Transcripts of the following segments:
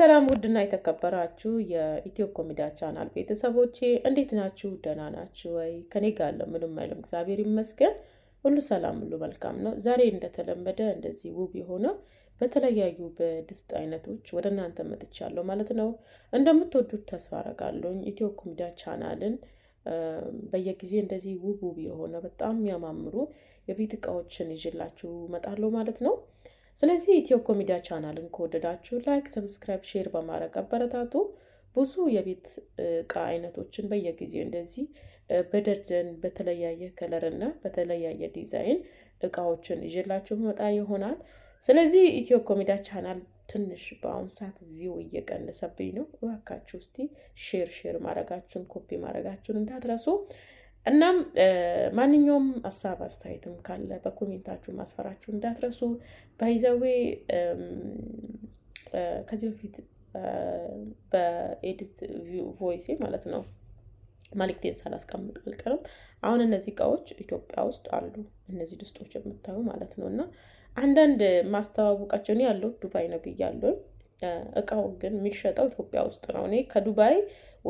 ሰላም ውድና የተከበራችሁ የኢትዮ ኮሚዲያ ቻናል ቤተሰቦቼ እንዴት ናችሁ? ደህና ናችሁ ወይ? ከኔ ጋር ምንም አይልም፣ እግዚአብሔር ይመስገን፣ ሁሉ ሰላም፣ ሁሉ መልካም ነው። ዛሬ እንደተለመደ እንደዚህ ውብ የሆነው በተለያዩ በድስት አይነቶች ወደ እናንተ መጥቻለሁ ማለት ነው። እንደምትወዱት ተስፋ አረጋለሁኝ። ኢትዮ ኮሚዲያ ቻናልን በየጊዜ እንደዚህ ውብ ውብ የሆነ በጣም የሚያማምሩ የቤት እቃዎችን ይዤላችሁ እመጣለሁ ማለት ነው። ስለዚህ ኢትዮ ኮሚዲያ ቻናልን ከወደዳችሁ ላይክ፣ ሰብስክራይብ፣ ሼር በማድረግ አበረታቱ። ብዙ የቤት እቃ አይነቶችን በየጊዜው እንደዚህ በደርዘን በተለያየ ከለርና በተለያየ ዲዛይን እቃዎችን ይዤላችሁ መጣ ይሆናል። ስለዚህ ኢትዮ ኮሚዲያ ቻናል ትንሽ በአሁኑ ሰዓት ቪው እየቀነሰብኝ ነው። እባካችሁ እስቲ ሼር ሼር ማድረጋችሁን ኮፒ ማድረጋችሁን እንዳትረሱ። እናም ማንኛውም ሀሳብ አስተያየትም ካለ በኮሜንታችሁ ማስፈራችሁ እንዳትረሱ። ባይዘዌ ከዚህ በፊት በኤዲት ቮይሴ ማለት ነው መልእክቴን ሳላስቀምጥ አልቀርም። አሁን እነዚህ እቃዎች ኢትዮጵያ ውስጥ አሉ፣ እነዚህ ድስቶች የምታዩ ማለት ነው። እና አንዳንድ ማስተዋወቃቸው እኔ ያለው ዱባይ ነው ብያለሁ። እቃው ግን የሚሸጠው ኢትዮጵያ ውስጥ ነው። እኔ ከዱባይ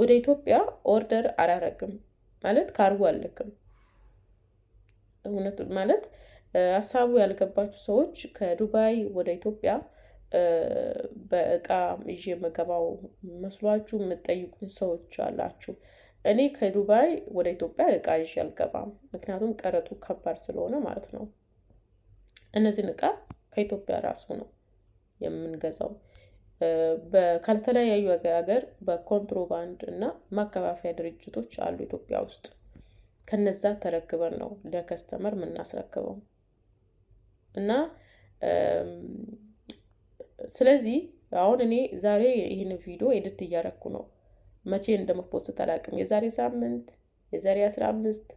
ወደ ኢትዮጵያ ኦርደር አላረግም። ማለት ካርጉ አልልክም። እውነቱ ማለት ሀሳቡ ያልገባችሁ ሰዎች ከዱባይ ወደ ኢትዮጵያ በእቃ ይዤ የምገባው መስሏችሁ የምጠይቁን ሰዎች አላችሁ። እኔ ከዱባይ ወደ ኢትዮጵያ እቃ ይዤ አልገባም። ምክንያቱም ቀረጡ ከባድ ስለሆነ ማለት ነው። እነዚህን እቃ ከኢትዮጵያ ራሱ ነው የምንገዛው። ከተለያዩ ሀገር በኮንትሮባንድ እና ማከፋፈያ ድርጅቶች አሉ ኢትዮጵያ ውስጥ። ከነዛ ተረክበን ነው ለከስተመር የምናስረክበው እና ስለዚህ አሁን እኔ ዛሬ ይህን ቪዲዮ ኤድት እያረኩ ነው። መቼ እንደምፖስት አላቅም። የዛሬ ሳምንት፣ የዛሬ አስራ አምስት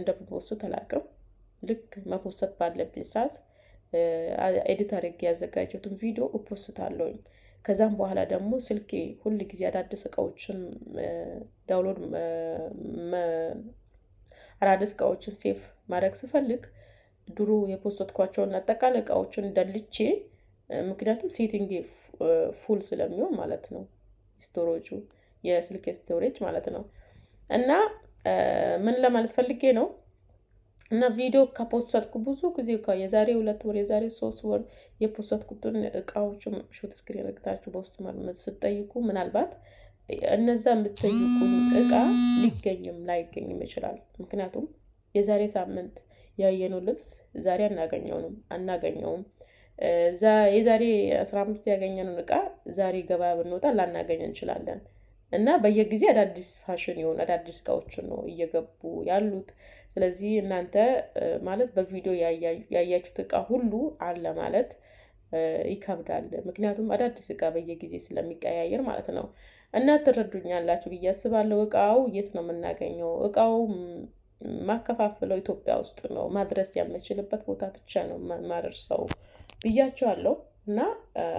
እንደምፖስት አላቅም። ልክ መፖሰት ባለብኝ ሰዓት ኤዲት አድርጌ ያዘጋጀሁትን ቪዲዮ እፖስታለሁኝ። ከዛም በኋላ ደግሞ ስልኬ ሁል ጊዜ አዳዲስ እቃዎችን ዳውንሎድ አዳዲስ እቃዎችን ሴፍ ማድረግ ስፈልግ ድሮ የፖስተትኳቸውን አጠቃላይ እቃዎችን ደልቼ፣ ምክንያቱም ሴቲንግ ፉል ስለሚሆን ማለት ነው፣ ስቶሬጁ የስልክ ስቶሬጅ ማለት ነው። እና ምን ለማለት ፈልጌ ነው እና ቪዲዮ ከፖስትኩ ብዙ ጊዜ የዛሬ ሁለት ወር የዛሬ ሶስት ወር የፖስትኩትን እቃዎቹ ሹት ስክሪን ረግታችሁ በውስጥ ስትጠይቁ ምናልባት እነዛ የምትጠይቁን እቃ ሊገኝም ላይገኝም ይችላል። ምክንያቱም የዛሬ ሳምንት ያየነው ልብስ ዛሬ አናገኘውንም አናገኘውም። የዛሬ አስራ አምስት ያገኘነውን እቃ ዛሬ ገበያ ብንወጣ ላናገኝ እንችላለን እና በየጊዜ አዳዲስ ፋሽን ይሆን አዳዲስ እቃዎችን ነው እየገቡ ያሉት። ስለዚህ እናንተ ማለት በቪዲዮ ያያችሁት እቃ ሁሉ አለ ማለት ይከብዳል። ምክንያቱም አዳዲስ እቃ በየጊዜ ስለሚቀያየር ማለት ነው። እና ትረዱኛላችሁ ብዬ አስባለሁ። እቃው የት ነው የምናገኘው? እቃው ማከፋፍለው ኢትዮጵያ ውስጥ ነው። ማድረስ የምችልበት ቦታ ብቻ ነው ማደርሰው ብያቸዋለሁ። እና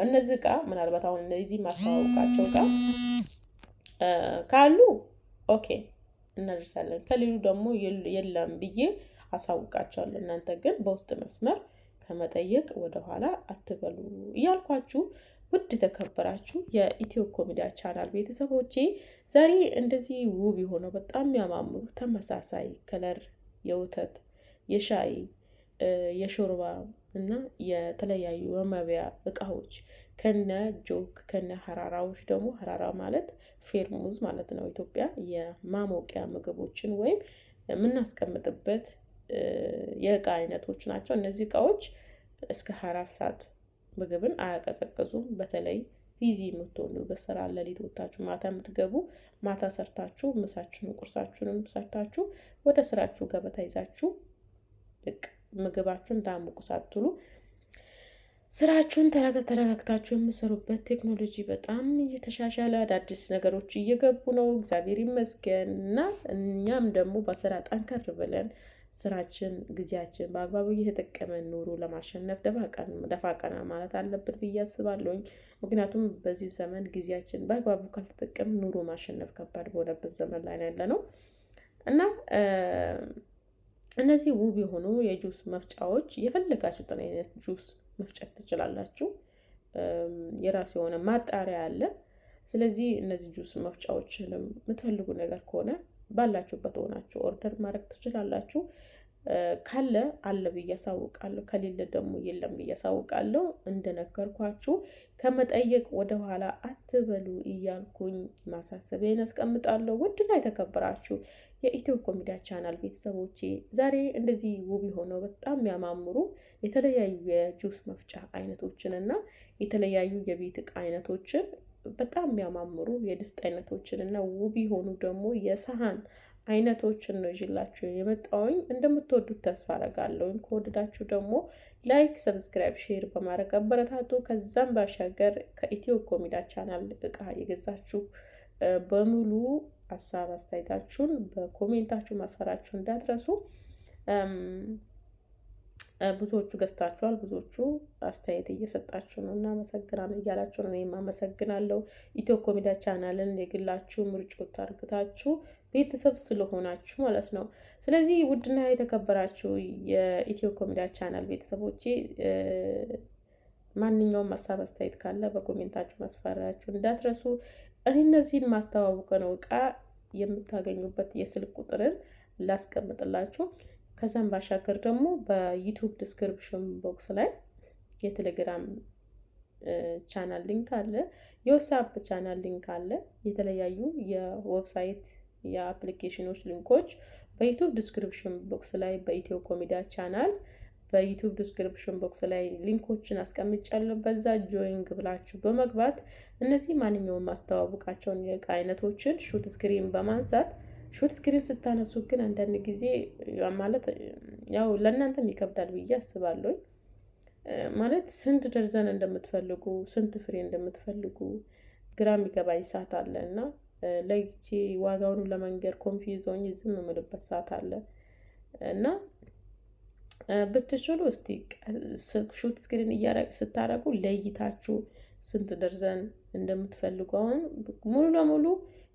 እነዚህ እቃ ምናልባት አሁን እነዚህ ማስተዋወቃቸው እቃ ካሉ ኦኬ እናደርሳለን። ከሌሉ ደግሞ የለም ብዬ አሳውቃቸዋለሁ። እናንተ ግን በውስጥ መስመር ከመጠየቅ ወደኋላ አትበሉ እያልኳችሁ ውድ የተከበራችሁ የኢትዮ ኮሚዲያ ቻናል ቤተሰቦቼ ዛሬ እንደዚህ ውብ የሆነው በጣም የሚያማምሩ ተመሳሳይ ከለር የወተት፣ የሻይ፣ የሾርባ እና የተለያዩ የመብያ እቃዎች ከነ ጆክ ከነ ሀራራዎች ደግሞ ሀራራ ማለት ፌርሙዝ ማለት ነው። ኢትዮጵያ የማሞቂያ ምግቦችን ወይም የምናስቀምጥበት የእቃ አይነቶች ናቸው። እነዚህ እቃዎች እስከ አራት ሰዓት ምግብን አያቀዘቅዙም። በተለይ ቢዚ የምትሆኑ በስራ ለሊት ወታችሁ ማታ የምትገቡ ማታ ሰርታችሁ ምሳችሁን ቁርሳችሁንም ሰርታችሁ ወደ ስራችሁ ገበታ ይዛችሁ ምግባችሁን ዳሙቁ ሳትሉ ስራችሁን ተረጋግታችሁ የምሰሩበት ቴክኖሎጂ በጣም እየተሻሻለ አዳዲስ ነገሮች እየገቡ ነው። እግዚአብሔር ይመስገን እና እኛም ደግሞ በስራ ጠንከር ብለን ስራችን፣ ጊዜያችን በአግባቡ እየተጠቀመን ኑሮ ለማሸነፍ ደፋ ቀና ማለት አለብን ብዬ አስባለሁኝ። ምክንያቱም በዚህ ዘመን ጊዜያችን በአግባቡ ካልተጠቀም ኑሮ ማሸነፍ ከባድ በሆነበት ዘመን ላይ ያለ ነው እና እነዚህ ውብ የሆኑ የጁስ መፍጫዎች የፈለጋችሁትን አይነት ጁስ መፍጨት ትችላላችሁ። የራሱ የሆነ ማጣሪያ አለ። ስለዚህ እነዚህ ጁስ መፍጫዎች የምትፈልጉ ነገር ከሆነ ባላችሁበት ሆናችሁ ኦርደር ማድረግ ትችላላችሁ። ካለ አለ ብዬ አሳውቃለሁ፣ ከሌለ ደግሞ የለም ብዬ አሳውቃለሁ። እንደነገርኳችሁ ከመጠየቅ ወደኋላ አትበሉ እያልኩኝ ማሳሰቢያን ያስቀምጣለሁ። ውድና የተከበራችሁ የኢትዮ ኮሚዲያ ቻናል ቤተሰቦቼ ዛሬ እንደዚህ ውብ የሆነው በጣም የሚያማምሩ የተለያዩ የጁስ መፍጫ አይነቶችን እና የተለያዩ የቤት ዕቃ አይነቶችን በጣም የሚያማምሩ የድስት አይነቶችን እና ውብ የሆኑ ደግሞ የሰሃን አይነቶችን ነው ይዤላችሁ የመጣሁኝ። እንደምትወዱት ተስፋ አደርጋለሁ። ከወደዳችሁ ደግሞ ላይክ፣ ሰብስክራይብ፣ ሼር በማድረግ አበረታቱ። ከዛም ባሻገር ከኢትዮ ኮሚዳ ቻናል እቃ የገዛችሁ በሙሉ ሀሳብ አስተያየታችሁን በኮሜንታችሁ ማስፈራችሁ እንዳትረሱ። ብዙዎቹ ገዝታችኋል፣ ብዙዎቹ አስተያየት እየሰጣችሁ ነው። እናመሰግናለን እያላችሁ ነው። እኔም አመሰግናለሁ። ኢትዮ ኮሚዳ ቻናልን የግላችሁ ምርጮት አድርጋችሁ ቤተሰብ ስለሆናችሁ ማለት ነው። ስለዚህ ውድና የተከበራችሁ የኢትዮ ኮሚዲያ ቻናል ቤተሰቦቼ ማንኛውም ሀሳብ አስተያየት ካለ በኮሜንታችሁ ማስፈራራችሁ እንዳትረሱ። እኔ እነዚህን ማስተዋወቅ ነው እቃ የምታገኙበት የስልክ ቁጥርን ላስቀምጥላችሁ። ከዛም ባሻገር ደግሞ በዩቱብ ዲስክሪፕሽን ቦክስ ላይ የቴሌግራም ቻናል ሊንክ አለ፣ የዋትስአፕ ቻናል ሊንክ አለ፣ የተለያዩ የዌብሳይት የአፕሊኬሽኖች ሊንኮች በዩቱብ ዲስክሪፕሽን ቦክስ ላይ በኢትዮ ኮሚዲያ ቻናል በዩቱብ ዲስክሪፕሽን ቦክስ ላይ ሊንኮችን አስቀምጫለሁ። በዛ ጆይንግ ብላችሁ በመግባት እነዚህ ማንኛውም ማስተዋወቃቸውን የእቃ አይነቶችን ሹት ስክሪን በማንሳት ሹት ስክሪን ስታነሱ ግን አንዳንድ ጊዜ ማለት ያው ለእናንተም ይከብዳል ብዬ አስባለሁ። ማለት ስንት ደርዘን እንደምትፈልጉ ስንት ፍሬ እንደምትፈልጉ ግራ የሚገባኝ ሰዓት አለ እና ለይቼ ዋጋውን ለመንገድ ኮንፊዝ ሆኜ ዝም የምልበት ሰዓት አለ እና ብትችሉ እስቲ ሹት ስክሪን ስታረጉ ለይታችሁ ስንት ደርዘን እንደምትፈልጉ አሁን ሙሉ ለሙሉ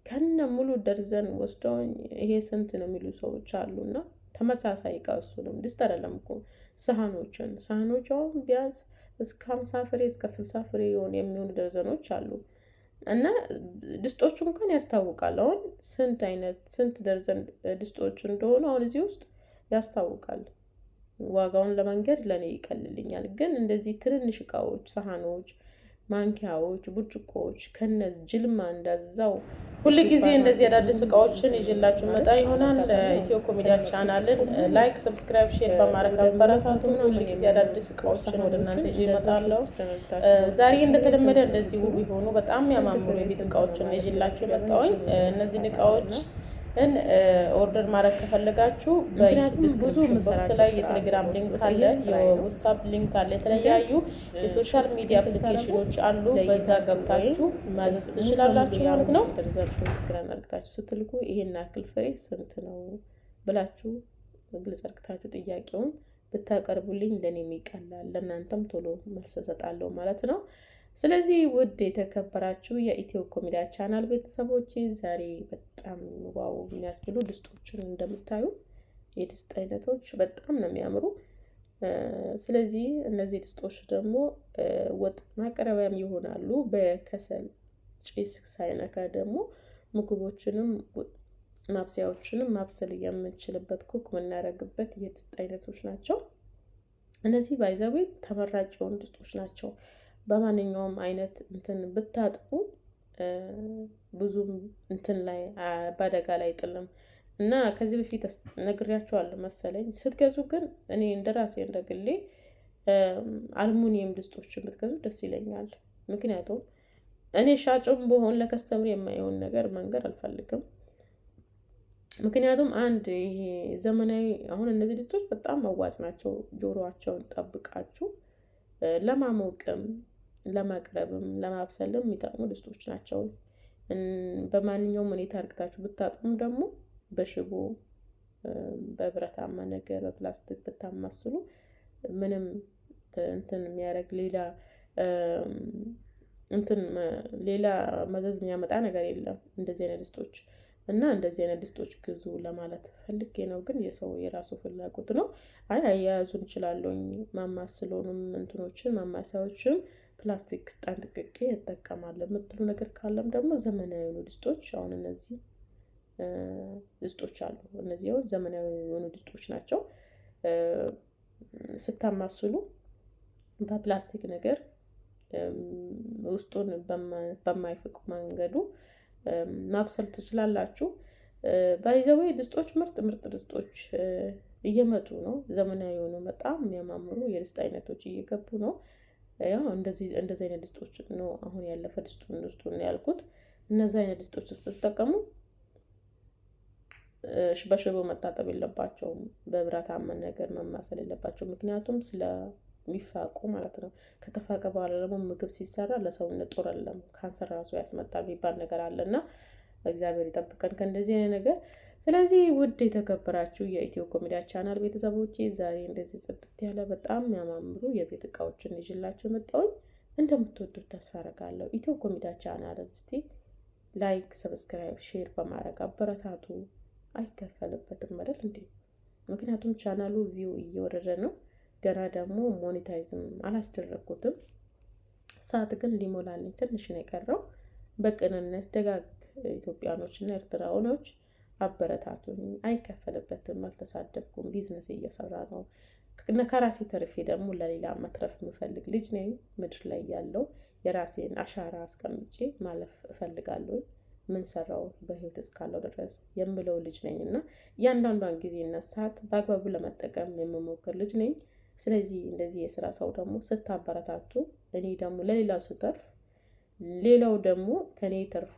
ከነ ሙሉ ደርዘን ወስደውኝ ይሄ ስንት ነው የሚሉ ሰዎች አሉ እና ተመሳሳይ እቃ እሱንም ድስት አይደለም እኮ ሳህኖችን ሳህኖች አሁን ቢያንስ እስከ ሀምሳ ፍሬ እስከ ስልሳ ፍሬ የሆኑ የሚሆኑ ደርዘኖች አሉ። እና ድስጦቹ እንኳን ያስታውቃል። አሁን ስንት አይነት ስንት ደርዘን ድስጦቹ እንደሆኑ አሁን እዚህ ውስጥ ያስታውቃል። ዋጋውን ለመንገድ ለእኔ ይቀልልኛል። ግን እንደዚህ ትንንሽ እቃዎች፣ ሳህኖች ማንኪያዎች፣ ብርጭቆዎች ከነዝ ጅልማ እንዳዛው ሁል ጊዜ እንደዚህ አዳዲስ እቃዎችን ይዤላችሁ መጣ ይሆናል። ኢትዮ ኮሚዲያ ቻናልን ላይክ፣ ሰብስክራይብ፣ ሼር በማድረግ አበረታቱ። ሁል ጊዜ አዳዲስ እቃዎችን ወደ እናንተ ይዤ እመጣለሁ። ዛሬ እንደተለመደ እንደዚህ ውብ የሆኑ በጣም ያማምሩ የቤት እቃዎችን ይዤላችሁ መጣሁኝ። እነዚህን እቃዎች ግን ኦርደር ማድረግ ከፈለጋችሁ ብዙ ቦክስ ላይ የቴሌግራም ሊንክ አለ፣ የዋትሳፕ ሊንክ አለ፣ የተለያዩ የሶሻል ሚዲያ አፕሊኬሽኖች አሉ። በዛ ገብታችሁ ማዘዝ ትችላላችሁ ማለት ነው። ሪዘርሽን ስክራን አርግታችሁ ስትልኩ ይሄን ያክል ፍሬ ስንት ነው ብላችሁ ግልጽ አርግታችሁ ጥያቄውን ብታቀርቡልኝ ለእኔም ይቀላል፣ ለእናንተም ቶሎ መልስ እሰጣለሁ ማለት ነው። ስለዚህ ውድ የተከበራችሁ የኢትዮ ኮሜዲያ ቻናል ቤተሰቦች ዛሬ በጣም ዋው የሚያስብሉ ድስቶችን እንደምታዩ የድስት አይነቶች በጣም ነው የሚያምሩ። ስለዚህ እነዚህ ድስቶች ደግሞ ወጥ ማቅረቢያም ይሆናሉ። በከሰል ጭስ ሳይነካ ደግሞ ምግቦችንም ማብሰያዎችንም ማብሰል የምንችልበት ኩክ የምናደርግበት የድስት አይነቶች ናቸው። እነዚህ ባይዘዌ ተመራጭ የሆኑ ድስቶች ናቸው። በማንኛውም አይነት እንትን ብታጥቡ ብዙም እንትን ላይ በአደጋ ላይ አይጥልም እና ከዚህ በፊት ነግሬያቸዋለሁ መሰለኝ። ስትገዙ ግን እኔ እንደ ራሴ እንደ ግሌ አልሙኒየም ድስቶችን ብትገዙ ደስ ይለኛል። ምክንያቱም እኔ ሻጭም በሆን ለከስተምር የማይሆን ነገር መንገድ አልፈልግም። ምክንያቱም አንድ ይሄ ዘመናዊ አሁን እነዚህ ድስቶች በጣም መዋጭ ናቸው። ጆሮቸውን ጠብቃችሁ ለማሞቅም ለማቅረብም ለማብሰልም የሚጠቅሙ ድስቶች ናቸው። በማንኛውም ሁኔታ እርግታችሁ ብታጥሙ ደግሞ በሽቦ በብረታማ ነገር በፕላስቲክ ብታማስሉ ምንም እንትን የሚያደርግ ሌላ እንትን ሌላ መዘዝ የሚያመጣ ነገር የለም። እንደዚህ አይነት ድስቶች እና እንደዚህ አይነት ድስቶች ግዙ ለማለት ፈልጌ ነው። ግን የሰው የራሱ ፍላጎት ነው። አይ አያያዙን እችላለሁ ማማስሎንም እንትኖችን ማማሰያዎችን ፕላስቲክ ጠንቅቄ እጠቀማለሁ የምትሉ ነገር ካለም ደግሞ ዘመናዊ የሆኑ ድስቶች አሁን እነዚህ ድስቶች አሉ። እነዚህ አሁን ዘመናዊ የሆኑ ድስቶች ናቸው። ስታማስሉ በፕላስቲክ ነገር ውስጡን በማይፍቅ መንገዱ ማብሰል ትችላላችሁ። ባይዘዌ ድስቶች ምርጥ ምርጥ ድስቶች እየመጡ ነው። ዘመናዊ የሆኑ በጣም የሚያማምሩ የድስት አይነቶች እየገቡ ነው። ያው እንደዚህ እንደዚህ አይነት ድስቶች ነው አሁን ያለፈ ድስቱን ድስቱን ያልኩት። እነዚህ አይነት ድስጦች ስትጠቀሙ በሽቦ መታጠብ የለባቸውም። በብረታማ ነገር መማሰል የለባቸው፣ ምክንያቱም ስለሚፋቁ ማለት ነው። ከተፋቀ በኋላ ደግሞ ምግብ ሲሰራ ለሰውነት ጦር አለም ካንሰር ራሱ ያስመጣል የሚባል ነገር አለ እና እግዚአብሔር ይጠብቀን ከእንደዚህ አይነት ነገር። ስለዚህ ውድ የተከበራችሁ የኢትዮ ኮሚዲያ ቻናል ቤተሰቦች ዛሬ እንደዚህ ጽድት ያለ በጣም የሚያማምሩ የቤት እቃዎችን ይዤላችሁ መጣሁኝ። እንደምትወዱት ተስፋ አደርጋለሁ። ኢትዮ ኮሚዲያ ቻናል እስቲ ላይክ፣ ሰብስክራይብ፣ ሼር በማድረግ አበረታቱ። አይከፈልበትም አይደል እንዴ? ምክንያቱም ቻናሉ ቪው እየወረደ ነው። ገና ደግሞ ሞኔታይዝም አላስደረግኩትም። ሰዓት ግን ሊሞላልኝ ትንሽ ነው የቀረው። በቅንነት ደጋግ ኢትዮጵያኖችና ኤርትራውኖች አበረታቱኝ። አይከፈልበትም፣ አልተሳደብኩም፣ ቢዝነስ እየሰራ ነው። ከራሴ ተርፌ ደግሞ ለሌላ መትረፍ የምፈልግ ልጅ ነኝ። ምድር ላይ ያለው የራሴን አሻራ አስቀምጬ ማለፍ እፈልጋለሁ። ምን ሰራው በህይወት እስካለው ድረስ የምለው ልጅ ነኝ እና እያንዳንዷን ጊዜና ሰዓት በአግባቡ ለመጠቀም የምሞክር ልጅ ነኝ። ስለዚህ እንደዚህ የስራ ሰው ደግሞ ስታበረታቱ እኔ ደግሞ ለሌላው ስተርፍ ሌላው ደግሞ ከኔ ተርፎ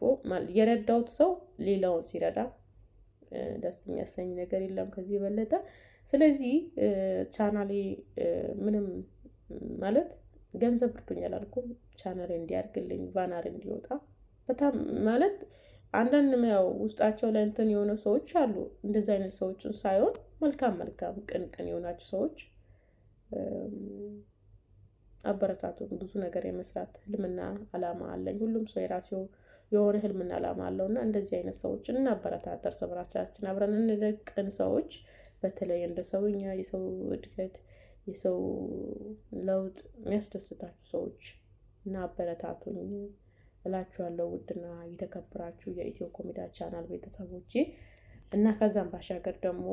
የረዳውት ሰው ሌላውን ሲረዳ ደስ የሚያሰኝ ነገር የለም ከዚህ የበለጠ። ስለዚህ ቻናሌ ምንም ማለት ገንዘብ ብርቶኛል አልኩም። ቻናሌ እንዲያድግልኝ ባናር እንዲወጣ በጣም ማለት አንዳንድ ያው ውስጣቸው ላይ የሆነ ሰዎች አሉ። እንደዚህ አይነት ሰዎችን ሳይሆን መልካም መልካም ቅንቅን የሆናቸው ሰዎች አበረታቱን። ብዙ ነገር የመስራት ህልምና አላማ አለኝ። ሁሉም ሰው የራሱ የሆነ ህልምና አላማ አለው እና እንደዚህ አይነት ሰዎች እናበረታት፣ እርስ በራሳችን አብረን እንደቅን ሰዎች በተለይ እንደ ሰውኛ የሰው እድገት የሰው ለውጥ የሚያስደስታችሁ ሰዎች እና አበረታቱኝ እላችኋለሁ። ውድና የተከበራችሁ የኢትዮ ኮሚዳ ቻናል ቤተሰቦቼ እና ከዛም ባሻገር ደግሞ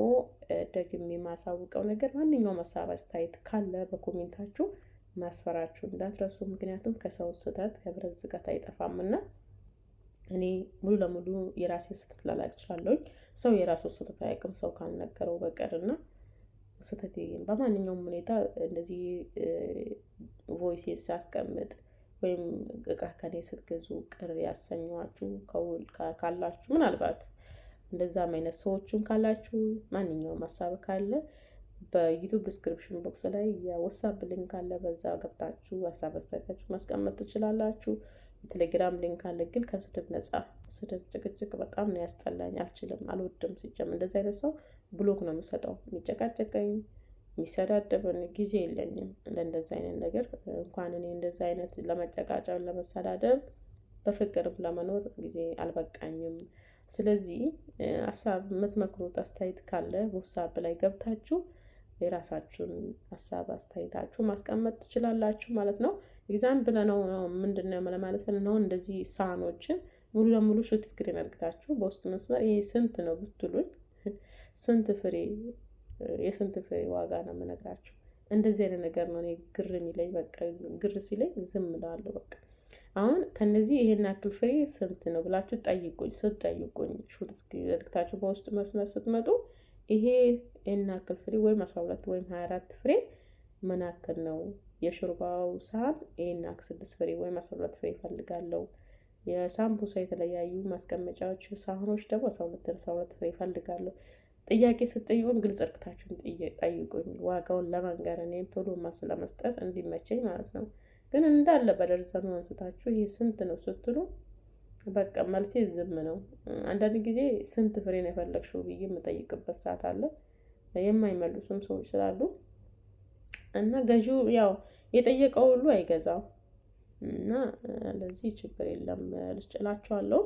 ደግሜ የማሳውቀው ነገር ማንኛውም ሀሳብ አስተያየት ካለ በኮሜንታችሁ ማስፈራችሁ እንዳትረሱ። ምክንያቱም ከሰው ስህተት ከብረት ዝገት አይጠፋምና እኔ ሙሉ ለሙሉ የራሴ ስህተት ላላቅ እችላለሁኝ። ሰው የራሱ ስህተት አያውቅም ሰው ካልነገረው በቀርና ስህተት በማንኛውም ሁኔታ እንደዚህ ቮይስ ሲያስቀምጥ ወይም እቃ ከኔ ስትገዙ ቅር ያሰኟችሁ ካላችሁ ምናልባት እንደዛም አይነት ሰዎችን ካላችሁ ማንኛውም ሀሳብ ካለ በዩቱብ ዲስክሪፕሽን ቦክስ ላይ የወሳፕ ሊንክ አለ። በዛ ገብታችሁ ሀሳብ አስተያየታችሁ ማስቀመጥ ትችላላችሁ። የቴሌግራም ሊንክ አለ። ግን ከስድብ ነፃ ስድብ፣ ጭቅጭቅ በጣም ነው ያስጠላኝ። አልችልም፣ አልወድም። ሲጀም እንደዚህ አይነት ሰው ብሎክ ነው የምሰጠው። የሚጨቃጨቀኝ የሚሰዳደብን ጊዜ የለኝም ለእንደዚህ አይነት ነገር። እንኳን እኔ እንደዚህ አይነት ለመጨቃጨብ ለመሰዳደብ በፍቅርም ለመኖር ጊዜ አልበቃኝም። ስለዚህ ሀሳብ የምትመክሩት አስተያየት ካለ በውሳብ ላይ ገብታችሁ የራሳችሁን ሀሳብ አስተያየታችሁ ማስቀመጥ ትችላላችሁ ማለት ነው። ኤግዛም ብለነው ነው ምንድን ነው ለማለት ብለነው እንደዚህ ሳህኖችን ሙሉ ለሙሉ ሹት ስክሪን አድርግታችሁ በውስጥ መስመር ይሄ ስንት ነው ብትሉኝ ስንት ፍሬ የስንት ፍሬ ዋጋ ነው የምነግራችሁ። እንደዚህ አይነት ነገር ነው እኔ ግር የሚለኝ። በቃ ግር ሲለኝ ዝም እላለሁ። በቃ አሁን ከነዚህ ይሄን አክል ፍሬ ስንት ነው ብላችሁ ጠይቁኝ። ስትጠይቁኝ ሹት ስክሪን አድርግታችሁ በውስጥ መስመር ስትመጡ ይሄ እናክል ፍሬ ወይም 12 ወይም 24 ፍሬ መናክል ነው። የሹርባው ሳህን ይህናክ 6 ፍሬ ወይም 12 ፍሬ ይፈልጋለሁ። የሳምቡሳ የተለያዩ ማስቀመጫዎች ሳህኖች ደግሞ 12 12 ፍሬ ይፈልጋለሁ። ጥያቄ ስጠይቁን ግልጽ እርክታችሁን ጠይቁኝ፣ ዋጋውን ለመንገር እኔም ቶሎ ማስ ለመስጠት እንዲመቸኝ ማለት ነው። ግን እንዳለ በደርዘኑ አንስታችሁ ይህ ስንት ነው ስትሉ በቃ መልሴ ዝም ነው። አንዳንድ ጊዜ ስንት ፍሬ ነው የፈለግሽው ብዬ የምጠይቅበት ሰዓት አለ። የማይመልሱም ሰዎች ስላሉ እና ገዢው ያው የጠየቀው ሁሉ አይገዛው እና ለዚህ ችግር የለም ልችላችኋለሁ።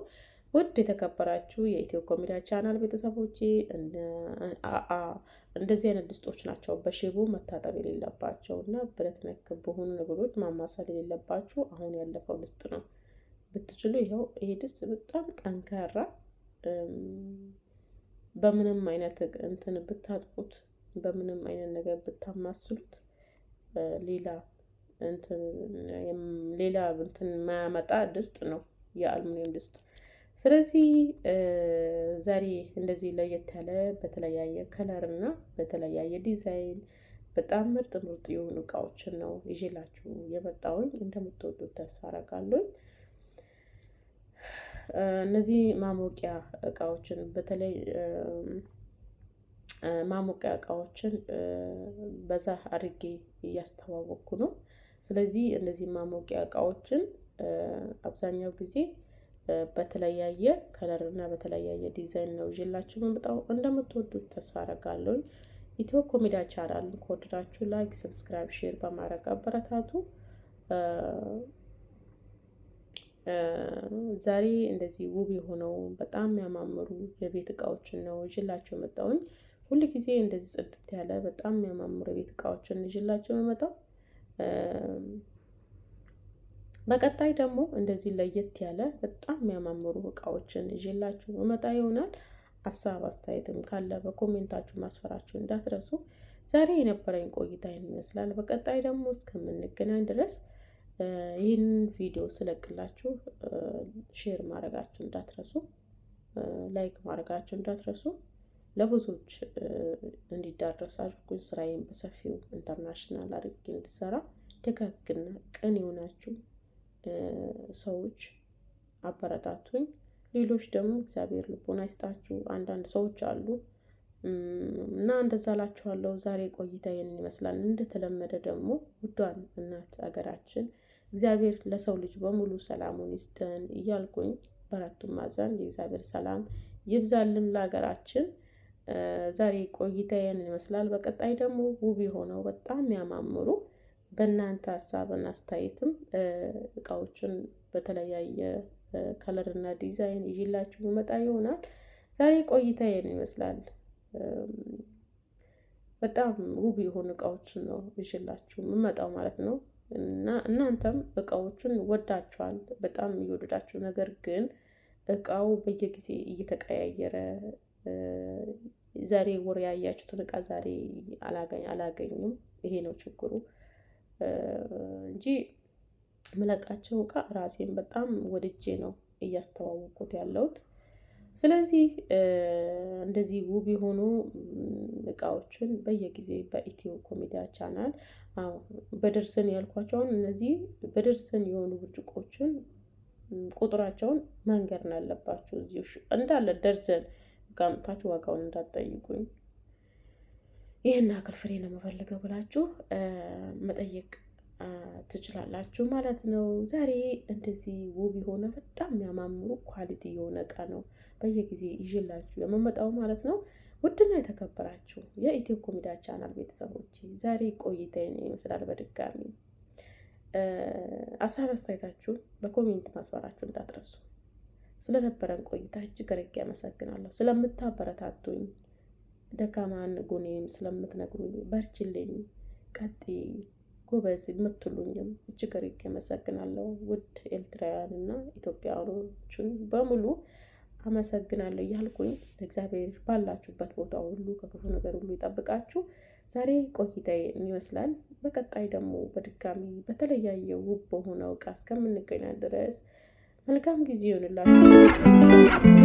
ውድ የተከበራችሁ የኢትዮ ኮሚዲያ ቻናል ቤተሰቦቼ እንደዚህ አይነት ድስጦች ናቸው በሽቦ መታጠብ የሌለባቸው እና ብረት ነክ በሆኑ ነገሮች ማማሰል የሌለባችሁ አሁን ያለፈው ድስት ነው። ብትችሉ ይኸው ይሄ ድስት በጣም ጠንካራ በምንም አይነት እንትን ብታጥቁት በምንም አይነት ነገር ብታማስሉት ሌላ ሌላ እንትን ማያመጣ ድስት ነው የአልሙኒየም ድስት። ስለዚህ ዛሬ እንደዚህ ለየት ያለ በተለያየ ከለር እና በተለያየ ዲዛይን በጣም ምርጥ ምርጥ የሆኑ እቃዎችን ነው ይዤላችሁ የመጣውኝ እንደምትወዱት ተስፋ አደርጋለሁ። እነዚህ ማሞቂያ እቃዎችን በተለይ ማሞቂያ እቃዎችን በዛ አድርጌ እያስተዋወቅኩ ነው። ስለዚህ እነዚህ ማሞቂያ እቃዎችን አብዛኛው ጊዜ በተለያየ ከለር እና በተለያየ ዲዛይን ነው ይዤላችሁ የምመጣው። እንደምትወዱት ተስፋ አረጋለሁ። ኢትዮ ኮሜዲያ ቻናልን ከወደዳችሁ ላይክ፣ ሰብስክራይብ፣ ሼር በማድረግ አበረታቱ። ዛሬ እንደዚህ ውብ የሆነው በጣም የሚያማምሩ የቤት እቃዎችን ነው ይዤላቸው የመጣውኝ። ሁል ጊዜ እንደዚህ ጽድት ያለ በጣም የሚያማምሩ የቤት እቃዎችን ይዤላቸው የመጣው። በቀጣይ ደግሞ እንደዚህ ለየት ያለ በጣም የሚያማምሩ እቃዎችን ይዤላችሁ እመጣ ይሆናል። ሀሳብ አስተያየትም ካለ በኮሜንታችሁ ማስፈራችሁ እንዳትረሱ። ዛሬ የነበረኝ ቆይታ ይህን ይመስላል። በቀጣይ ደግሞ እስከምንገናኝ ድረስ ይህን ቪዲዮ ስለቅላችሁ ሼር ማድረጋችሁ እንዳትረሱ፣ ላይክ ማድረጋችሁ እንዳትረሱ። ለብዙዎች እንዲዳረስ አድርጉኝ። ስራዬን በሰፊው ኢንተርናሽናል አድርጌ እንድሰራ ደጋግና ቅን የሆናችሁ ሰዎች አበረታቱኝ። ሌሎች ደግሞ እግዚአብሔር ልቦና ይስጣችሁ። አንዳንድ ሰዎች አሉ እና እንደዛ ላችኋለሁ። ዛሬ ቆይታ ይህንን ይመስላል። እንደተለመደ ደግሞ ውዷን እናት አገራችን እግዚአብሔር ለሰው ልጅ በሙሉ ሰላሙን ይስጠን እያልኩኝ በአራቱም ማዕዘን የእግዚአብሔር ሰላም ይብዛልን ለሀገራችን። ዛሬ ቆይታ ይህንን ይመስላል። በቀጣይ ደግሞ ውብ የሆነው በጣም ያማምሩ በእናንተ ሀሳብና አስተያየትም እቃዎችን በተለያየ ከለርና ዲዛይን ይዤላችሁ ይመጣ ይሆናል። ዛሬ ቆይታ ይህን ይመስላል። በጣም ውብ የሆኑ እቃዎችን ነው ይዤላችሁ የምመጣው ማለት ነው። እና እናንተም እቃዎቹን ወዳችኋል፣ በጣም እየወደዳችሁ ነገር ግን እቃው በየጊዜ እየተቀያየረ ዛሬ ወር ያያችሁትን እቃ ዛሬ አላገኝም። ይሄ ነው ችግሩ እንጂ ምለቃቸው እቃ ራሴን በጣም ወድጄ ነው እያስተዋወቁት ያለሁት። ስለዚህ እንደዚህ ውብ የሆኑ እቃዎችን በየጊዜ በኢትዮ ኮሚዲያ ቻናል በደርዘን ያልኳቸውን እነዚህ በደርዘን የሆኑ ብርጭቆችን ቁጥራቸውን መንገር ነው ያለባችሁ። እዚሁ እንዳለ ደርዘን ጋምታችሁ ዋጋውን እንዳትጠይቁኝ። ይህን አክል ፍሬ ነው የምፈልገው ብላችሁ መጠየቅ ትችላላችሁ ማለት ነው። ዛሬ እንደዚህ ውብ የሆነ በጣም የሚያማምሩ ኳሊቲ የሆነ እቃ ነው በየጊዜ ይዤላችሁ የምመጣው ማለት ነው። ውድና የተከበራችሁ የኢትዮ ኮሚዳ ቻናል ቤተሰቦች ዛሬ ቆይታዬን ይመስላል። በድጋሚ አሳብ አስተያየታችሁን በኮሜንት ማስፈራችሁ እንዳትረሱ። ስለነበረን ቆይታ እጅግ ረግ ያመሰግናለሁ። ስለምታበረታቱኝ፣ ደካማን ጎኔም ስለምትነግሩኝ፣ በርችልኝ፣ ቀጢ ጎበዝ የምትሉኝም እጅግ ረግ ያመሰግናለሁ። ውድ ኤርትራውያንና ኢትዮጵያውያኖችን በሙሉ አመሰግናለሁ እያልኩኝ እግዚአብሔር ባላችሁበት ቦታ ሁሉ ከክፉ ነገር ሁሉ ይጠብቃችሁ። ዛሬ ቆይታዬን ይመስላል። በቀጣይ ደግሞ በድጋሚ በተለያየ ውብ በሆነ እውቃ እስከምንገናኝ ድረስ መልካም ጊዜ ይሆንላችሁ።